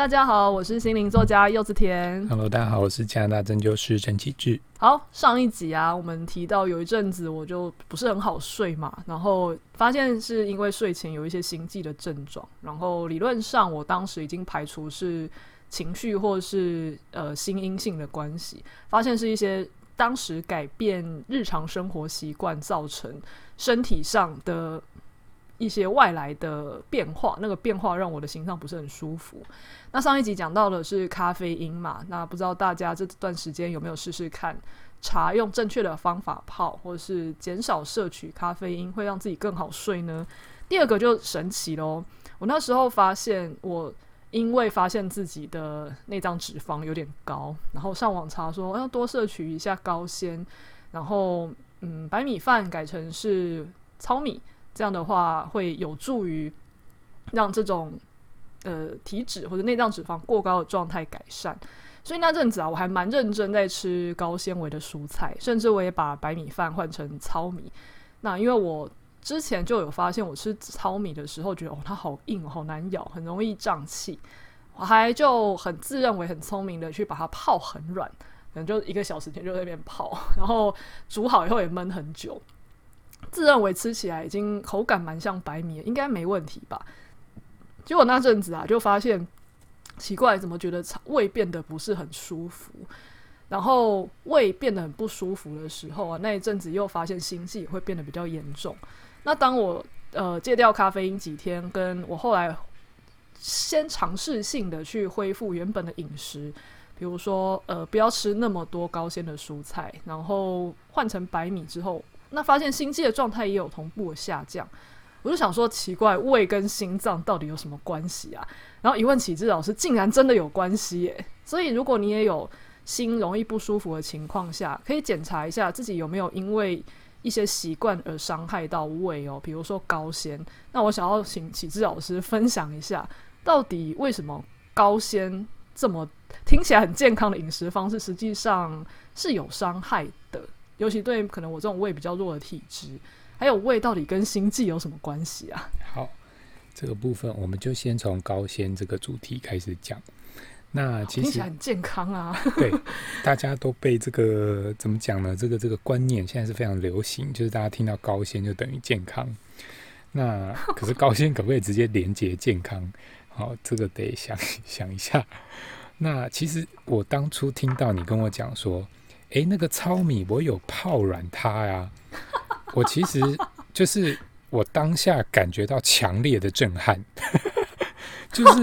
大家好，我是心靈作家柚子甜。Hello，大家好，我是加拿大針灸師陳啟志。好，上一集啊，我們提到有一陣子我就不是很好睡嘛，然後發現是因為睡前有一些心悸的症狀，然後理論上我當時已經排除是情緒或是呃心因性的關係，發現是一些當時改變日常生活習慣造成身體上的。一些外來的變化，那個變化讓我的心臟不是很舒服。那上一集講到的是咖啡因嘛？那不知道大家這段時間有沒有試試看，茶用正確的方法泡，或者是減少攝取咖啡因，會讓自己更好睡呢？第二個就神奇嘍。我那時候發現，我因為發現自己的內臟脂肪有點高，然後上網查說，要多攝取一下高纖，然後嗯，白米飯改成是糙米。這樣的話會有助於讓這種呃體脂或者內臟脂肪過高的狀態改善。所以那陣子啊，我還蠻認真在吃高纖維的蔬菜，甚至我也把白米飯換成糙米。那因為我之前就有發現，我吃糙米的時候覺得哦，它好硬，好難咬，很容易脹氣。我還就很自認為很聰明的去把它泡很軟，可能就一個小時前就在那邊泡，然後煮好以後也悶很久。自認為吃起來已經口感蠻像白米，應該沒問題吧？結果那陣子啊，就發現奇怪，怎麼覺得胃變得不是很舒服？然後胃變得很不舒服的時候啊，那一陣子又發現心悸也會變得比較嚴重。那當我呃戒掉咖啡因幾天，跟我後來先嘗試性的去恢復原本的飲食，比如說呃不要吃那麼多高纖的蔬菜，然後換成白米之後。那發現心悸的狀態也有同步的下降，我就想說奇怪，胃跟心臟到底有什麼關係啊？然後一問啟志老師，竟然真的有關係耶！所以如果你也有心容易不舒服的情況下，可以檢查一下自己有沒有因為一些習慣而傷害到胃哦、喔，比如說高纖。那我想要請啟志老師分享一下，到底為什麼高纖這麼聽起來很健康的飲食方式，實際上是有傷害的？尤其對可能我這種胃比較弱的體質，還有胃到底跟心悸有什麼關係啊？好，這個部分我們就先從高纖這個主題開始講。那其實很健康啊。 對，大家都被這個怎麼講呢？這個這個觀念現在是非常流行，就是大家聽到高纖就等於健康。那可是高纖可不可以直接連接健康？ 好，這個得想想一下。那其實我當初聽到你跟我講說。誒、欸，那個糙米，我有泡軟它呀。我其實就是我當下感覺到強烈的震撼， 就是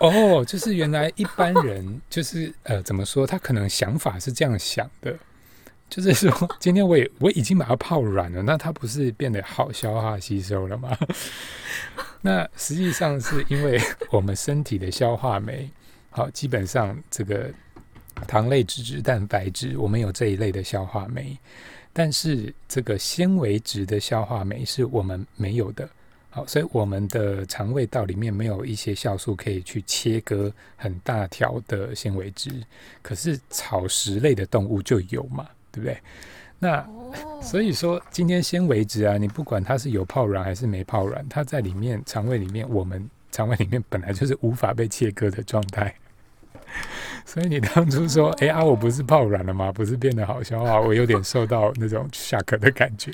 哦，就是原來一般人就是呃，怎麼說？他可能想法是這樣想的，就是說今天我也我已經把它泡軟了，那它不是變得好消化吸收了嗎？ 那實際上是因為我們身體的消化酶，好，基本上這個。糖類、脂質、蛋白質，我們有這一類的消化酶，但是這個纖維質的消化酶是我們沒有的。好，所以我們的腸胃道裡面沒有一些酵素可以去切割很大條的纖維質。可是草食類的動物就有嘛，對不對？那所以說，今天纖維質啊，你不管它是有泡軟還是沒泡軟，它在裡面腸胃裡面，我們腸胃裡面本來就是無法被切割的狀態。所以你當初說，哎、欸、啊，我不是泡軟了嗎？不是變得好消化？我有點受到那種 shock 的感覺。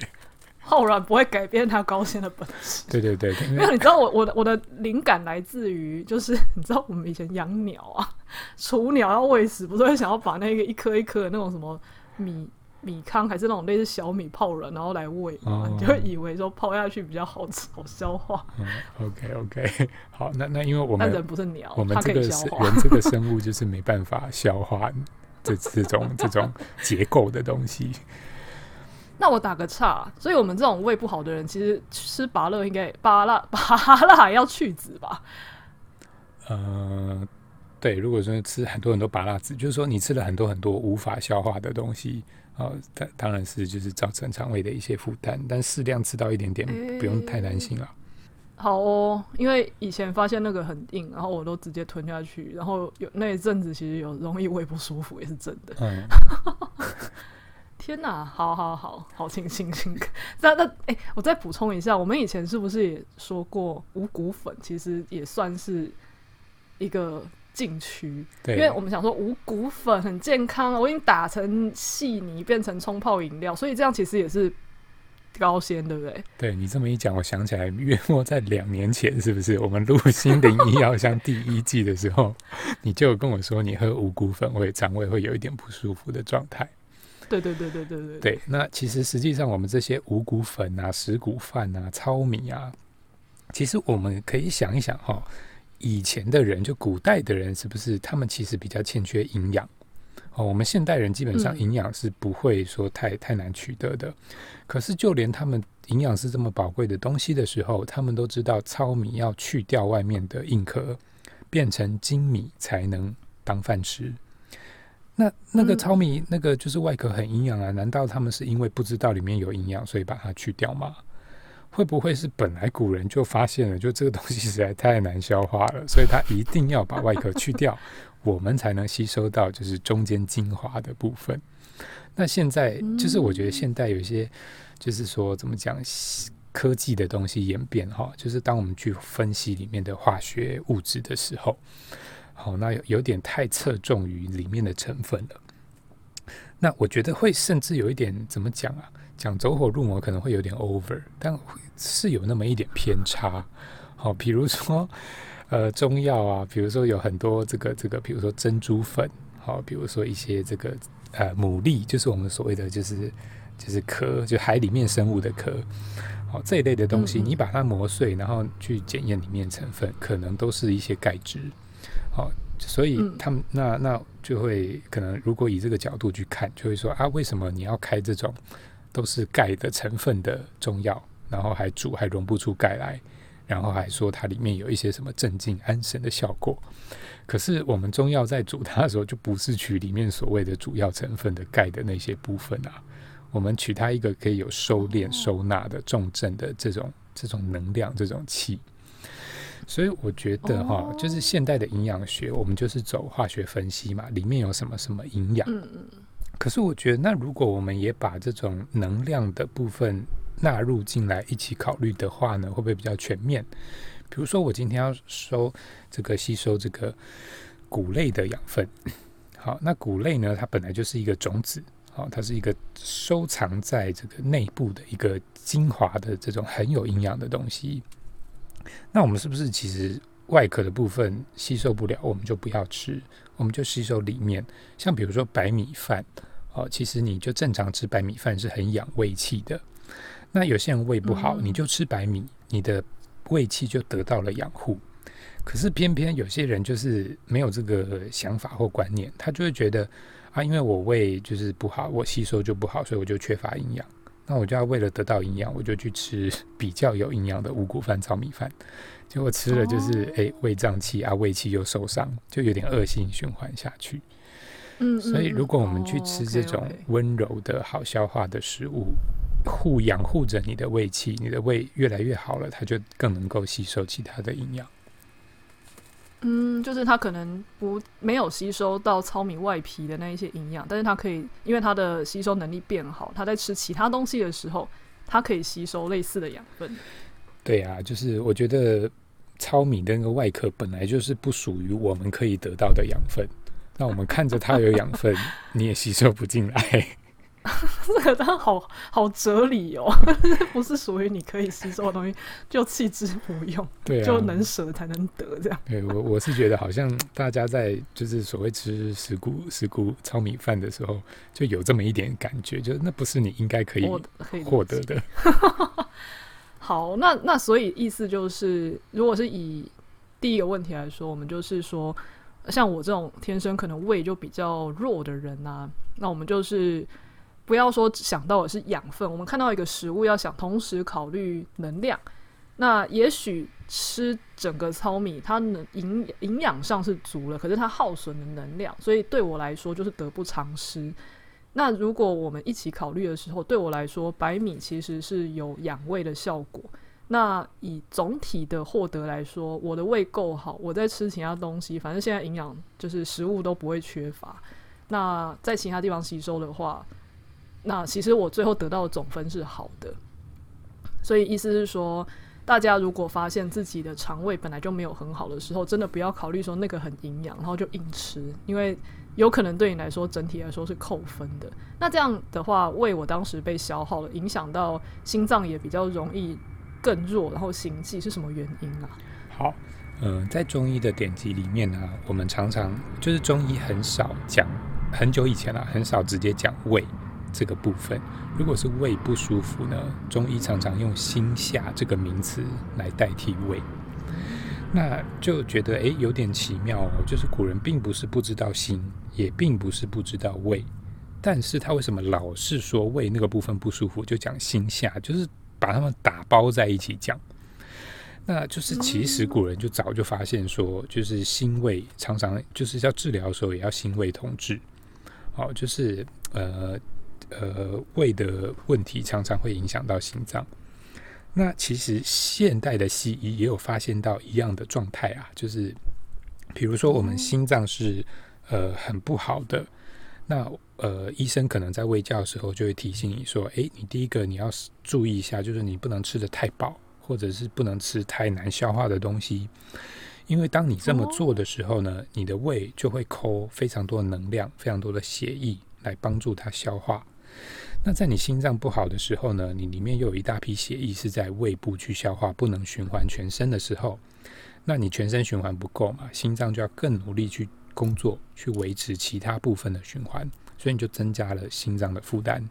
泡軟不會改變他高纖的本質。 對對對，因為你知道我，我的我的我的靈感來自於，就是你知道，我們以前養鳥啊，雛鳥要餵食，不是會想要把那個一顆一顆的那種什麼米。米糠還是那種類似小米泡軟，然後來餵，哦、你就會以為說泡下去比較好吃，好消化。嗯、OK，OK，okay, okay. 好，那那因為我們人不是鳥，我們這個人這個生物就是沒辦法消化這 這種這種結構的東西。那我打個岔，所以我們這種胃不好的人，其實吃芭樂應該芭樂芭樂要去籽吧？呃，對，如果說吃很多很多芭樂籽，就是說你吃了很多很多無法消化的東西。哦，它當然是就是造成腸胃的一些負擔，但適量吃到一點點，不用太擔心了，欸。好哦，因為以前發現那個很硬，然後我都直接吞下去，然後有那一陣子其實有容易胃不舒服，也是真的。嗯、 天哪，啊，好好好好，清清清， 那那哎、欸，我再補充一下，我們以前是不是也說過五穀粉，其實也算是一個禁區，對因為我們想說五穀粉很健康，我已經打成細泥，變成沖泡飲料，所以這樣其實也是高纖，對不對？對你這麼一講，我想起來，約莫在兩年前，是不是我們錄《心靈醫藥箱》第一季的時候， 你就跟我說，你喝五穀粉會腸胃會有一點不舒服的狀態？對對對，對對對對對對。對，那其實實際上我們這些五穀粉啊、十穀飯啊、糙米啊，其實我們可以想一想哈。以前的人，就古代的人，是不是他們其實比較欠缺營養？哦，我們現代人基本上營養是不會說太、嗯、太難取得的。可是就連他們營養是這麼寶貴的東西的時候，他們都知道糙米要去掉外面的硬殼，變成精米才能當飯吃。那那個糙米，嗯，那個就是外殼很營養啊？難道他們是因為不知道裡面有營養，所以把它去掉嗎？會不會是本來古人就發現了，就這個東西實在太難消化了，所以他一定要把外殼去掉， 我們才能吸收到就是中間精華的部分。那現在、嗯、就是我覺得現代有一些就是說怎麼講科技的東西演變哈、哦，就是當我們去分析裡面的化學物質的時候，好、哦，那有點太側重於裡面的成分了。那我覺得會甚至會有一點怎麼講啊？講走火入魔可能會有點 over，但是有那麼一點偏差。好，比如說，呃，中藥啊，比如說有很多這個這個，比如說珍珠粉，好，比如說一些這個呃牡蠣，就是我們所謂的就是就是殼，就海裡面生物的殼，好，這一類的東西，你把它磨碎，然後去檢驗裡面成分，可能都是一些鈣質。好，所以他們那那就會可能如果以這個角度去看，就會說啊，為什麼你要開這種？都是鈣的成分的中藥，然後還煮還溶不出鈣來，然後還說它裡面有一些什麼鎮靜安神的效果。可是我們中藥在煮它的時候，就不是取裡面所謂的主要成分的鈣的那些部分啊，我們取它一個可以有收斂收納的重鎮的這種這種能量這種氣。所以我覺得哈，就是現代的營養學，我們就是走化學分析嘛，裡面有什麼什麼營養。嗯可是我覺得，那如果我們也把這種能量的部分納入進來一起考慮的話呢，會不會比較全面？比如說，我今天要收這個吸收這個穀類的養分，好，那穀類呢，它本來就是一個種子，好、哦，它是一個收藏在這個內部的一個精華的這種很有營養的東西，那我們是不是其實？外殼的部分吸收不了，我們就不要吃，我們就吸收裡面。像比如說白米飯，哦，其實你就正常吃白米飯是很養胃氣的。那有些人胃不好，嗯、你就吃白米，你的胃氣就得到了養護。可是偏偏有些人就是沒有這個想法或觀念，他就會覺得啊，因為我胃就是不好，我吸收就不好，所以我就缺乏營養。那我就要為了得到營養，我就去吃比較有營養的五穀飯、糙米飯。結果吃了就是誒、oh. 欸，胃脹氣啊，胃氣又受傷，就有點惡性循環下去。嗯、mm，hmm. 所以如果我們去吃這種溫柔的好消化的食物，護養護着你的胃氣，你的胃越來越好了，它就更能夠吸收其他的營養。嗯，就是它可能不沒有吸收到糙米外皮的那一些營養，但是它可以因為它的吸收能力變好，它在吃其他東西的時候，它可以吸收類似的養分。對啊，就是我覺得。糙米的那個外殼本來就是不屬於我們可以得到的養分，那我們看着它有養分， 你也吸收不進來。 這個真的好好哲理哦， 不是屬於你可以吸收的東西，就棄之不用，對、啊，就能捨才能得這樣。對我我是覺得好像大家在就是所謂吃十穀十穀糙米飯的時候，就有這麼一點感覺，就那不是你應該可以獲得的。 好，那那所以意思就是，如果是以第一個問題來說，我們就是說，像我這種天生可能胃就比較弱的人吶、啊，那我們就是不要說想到的是養分，我們看到一個食物要想同時考慮能量，那也許吃整個糙米，它能營營養上是足了，可是它耗損的能量，所以對我來說就是得不償失。那如果我們一起考慮的時候，對我來說，白米其實是有養胃的效果。那以總體的獲得來說，我的胃夠好，我在吃其他東西，反正現在營養就是食物都不會缺乏。那在其他地方吸收的話，那其實我最後得到的總分是好的。所以意思是說，大家如果發現自己的腸胃本來就沒有很好的時候，真的不要考慮說那個很營養，然後就硬吃，因為。有可能對你來說，整體來說是扣分的。那這樣的話，胃我當時被消耗了，影響到心臟也比較容易更弱，然後心悸是什麼原因啊？好，嗯、呃，在中醫的典籍裡面呢，啊，我們常常就是中醫很少講很久以前了，啊，很少直接講胃這個部分。如果是胃不舒服呢，中醫常常用心下這個名詞來代替胃，那就覺得哎，欸、有點奇妙哦，就是古人並不是不知道心。也並不是不知道胃，但是他為什麼老是說胃那個部分不舒服，就講心下，就是把他們打包在一起講。那就是其實古人就早就發現說，就是心胃常常就是要治療的時候也要心胃同治。好、哦，就是呃呃胃的問題常常會影響到心臟。那其實現代的西醫也有發現到一樣的狀態啊，就是比如說我們心臟是。呃，很不好的。那呃，醫生可能在衛教的時候就會提醒你說：“誒、欸，你第一個你要注意一下，就是你不能吃得太飽，或者是不能吃太難消化的東西。因為當你這麼做的時候呢，你的胃就會摳非常多能量、非常多的血液來幫助它消化。那在你心臟不好的時候呢，你裡面又有一大批血液是在胃部去消化，不能循環全身的時候，那你全身循環不夠嘛，心臟就要更努力去。”工作去維持其他部分的循環，所以你就增加了心臟的負擔。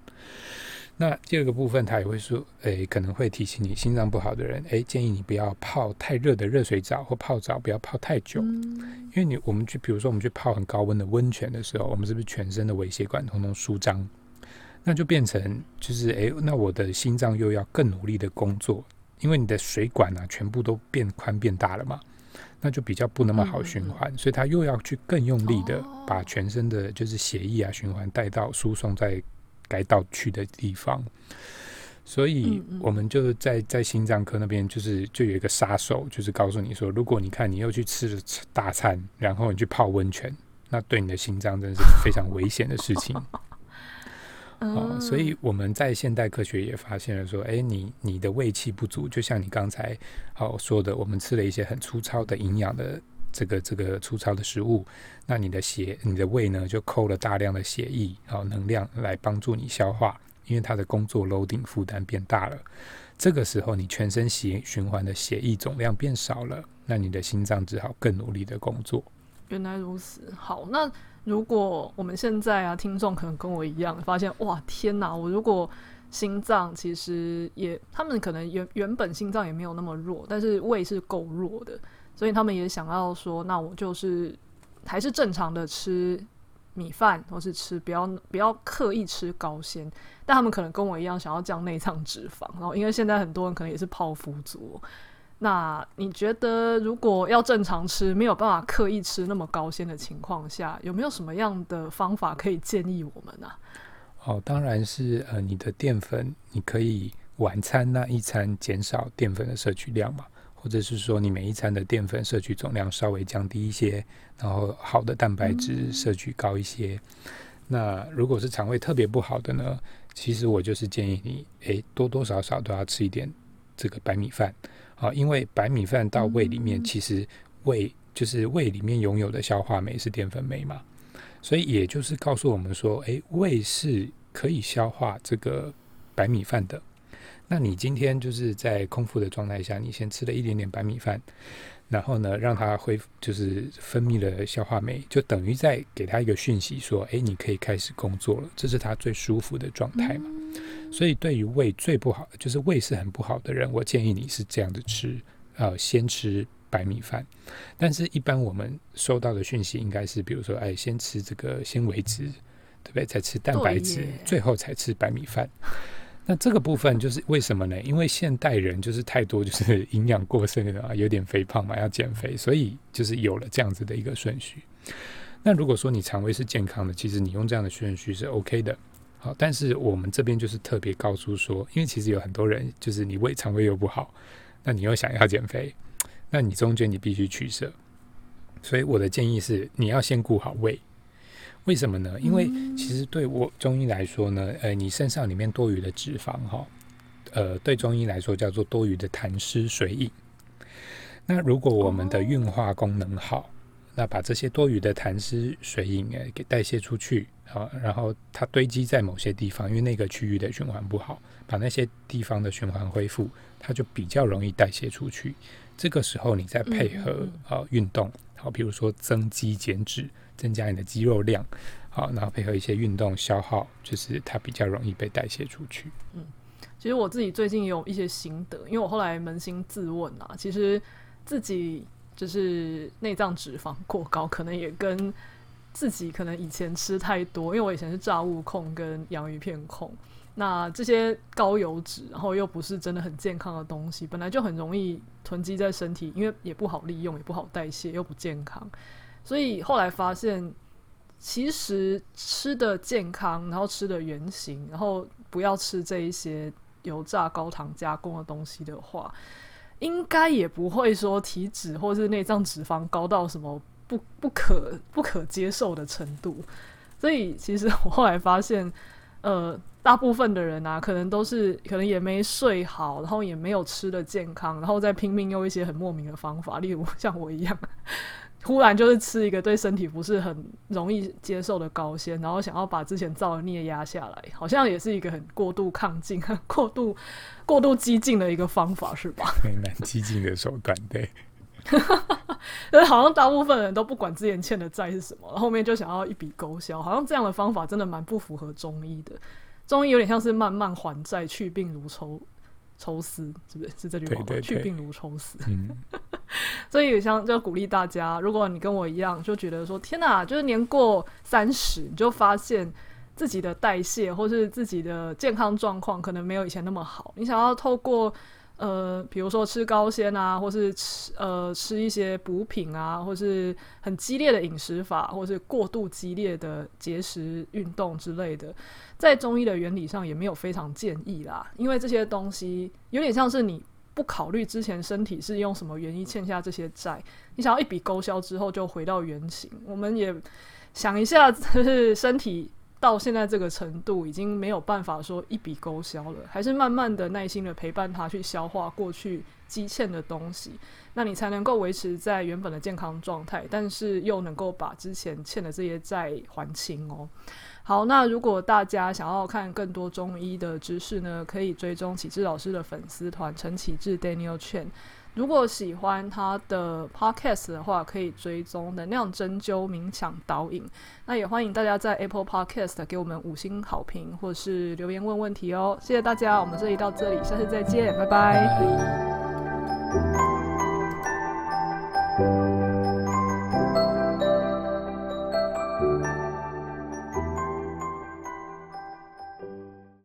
那第二個部分，他也會說，誒、欸，可能會提醒你，心臟不好的人，誒、欸，建議你不要泡太熱的熱水澡或泡澡，不要泡太久，嗯、因為你我們去，比如說我們去泡很高溫的溫泉的時候，我們是不是全身的微血管通通舒張？那就變成就是，誒、欸，那我的心臟又要更努力的工作，因為你的水管啊，全部都變寬變大了嘛。那就比較不那麼好循環，嗯嗯嗯。所以他又要去更用力的把全身的就是血液啊循環帶到輸送在該到去的地方，所以我們就在在心臟科那邊就是就有一個殺手，就是告訴你說，如果你看你又去吃了大餐，然後你去泡溫泉，那對你的心臟真的是非常危險的事情。 啊、哦，所以我們在現代科學也發現了說，誒、欸，你你的胃氣不足，就像你剛才好、哦、說的，我們吃了一些很粗糙的營養的這個這個粗糙的食物，那你的血、你的胃呢，就扣了大量的血液、好、哦、能量來幫助你消化，因為它的工作 loading 負擔變大了。這個時候，你全身血循環的血液總量變少了，那你的心臟只好更努力的工作。原來如此，好那。如果我們現在啊，聽眾可能跟我一樣，發現哇，天哪！我如果心臟其實也，他們可能原原本心臟也沒有那麼弱，但是胃是夠弱的，所以他們也想要說，那我就是還是正常的吃米飯，或是吃，不要不要刻意吃高纖，但他們可能跟我一樣想要降內臟脂肪，然後因為現在很多人可能也是泡芙族。那你覺得，如果要正常吃，沒有辦法刻意吃那麼高纖的情況下，有沒有什麼樣的方法可以建議我們呢、啊？哦，當然是呃，你的澱粉你可以晚餐那一餐減少澱粉的攝取量嘛，或者是說你每一餐的澱粉攝取總量稍微降低一些，然後好的蛋白質攝取高一些。嗯、那如果是腸胃特別不好的呢，其實我就是建議你，誒，多多少少都要吃一點這個白米飯。啊，因為白米飯到胃裡面，其實胃就是胃裡面擁有的消化酶，是澱粉酶嘛，所以也就是告訴我們說，哎、欸，胃是可以消化這個白米飯的。那你今天就是在空腹的狀態下，你先吃了一點點白米飯，然後呢，讓它會就是分泌了消化酶，就等於在給它一個訊息說，哎、欸，你可以開始工作了，這是它最舒服的狀態嘛。所以對於胃最不好的，就是胃是很不好的人，我建議你是這樣子吃，呃，先吃白米飯，但是一般我們收到的訊息應該是，比如說，哎，先吃這個纖維質對不對？再吃蛋白質，耶最後才吃白米飯。那這個部分就是為什麼呢？因為現代人就是太多就是營養過剩的人，有點肥胖嘛，要減肥，所以就是有了這樣子的一個順序。那如果說你腸胃是健康的，其實你用這樣的順序是 OK 的。但是我們這邊就是特別告訴說，因為其實有很多人就是你胃腸胃又不好，那你又想要減肥，那你中間你必須取捨。所以我的建議是，你要先顧好胃。為什麼呢？因為其實對我中醫來說呢，呃，你身上裡面多餘的脂肪哈，呃，對中醫來說叫做多餘的痰濕水飲。那如果我們的運化功能好，那把這些多餘的痰濕水飲給代謝出去啊，然後它堆積在某些地方，因為那個區域的循環不好，把那些地方的循環恢復，它就比較容易代謝出去。這個時候你再配合啊運動，好、嗯嗯，比如說增肌減脂，增加你的肌肉量，好，然後配合一些運動消耗，就是它比較容易被代謝出去。嗯，其實我自己最近也有一些心得，因為我後來捫心自問啊，其實自己。就是內臟脂肪過高，可能也跟自己可能以前吃太多，因為我以前是炸物控跟洋芋片控，那這些高油脂，然後又不是真的很健康的東西，本來就很容易囤積在身體，因為也不好利用，也不好代謝，又不健康，所以後來發現，其實吃的健康，然後吃的原型，然後不要吃這一些油炸、高糖加工的東西的話。應該也不會說體脂或是內臟脂肪高到什麼不不可不可接受的程度，所以其實我後來發現，呃，大部分的人啊，可能都是可能也沒睡好，然後也沒有吃的健康，然後再拼命用一些很莫名的方法，例如像我一樣。突然就是吃一個對身體不是很容易接受的高纖，然後想要把之前造的孽壓下來，好像也是一個很過度亢進、很過度，過度激進的一個方法，是吧？對，蠻激進的手段，對。哈哈哈哈，就是好像大部分人都不管之前欠的債是什麼，後面就想要一筆勾銷，好像這樣的方法真的蠻不符合中醫的。中醫有點像是慢慢還債，去病如抽。抽絲，是不是？是這句話嗎？對對對，去病如抽絲。嗯、 所以我想就鼓勵大家，如果你跟我一樣，就覺得說天哪、啊，就是年過三十，你就發現自己的代謝或是自己的健康狀況可能沒有以前那麼好，你想要透過。呃，比如說吃高纖啊，或是吃呃吃一些補品啊，或是很激烈的飲食法，或是過度激烈的節食運動之類的，在中醫的原理上也沒有非常建議啦，因為這些東西有點像是你不考慮之前身體是用什麼原因欠下這些債，你想要一筆勾銷之後就回到原形，我們也想一下就是身體。到現在這個程度，已經沒有辦法說一筆勾銷了，還是慢慢的、耐心的陪伴他去消化過去積欠的東西，那你才能夠維持在原本的健康狀態，但是又能夠把之前欠的這些債還清哦。好，那如果大家想要看更多中醫的知識呢，可以追蹤啟志老師的粉絲團陳啟志 Daniel Chen。如果喜歡他的 podcast 的話，可以追蹤“能量針灸冥想引導”。那也歡迎大家在 Apple Podcast 給我們五星好評，或者是留言問問題哦。謝謝大家，我們這裡到這裡，下次再見，拜拜。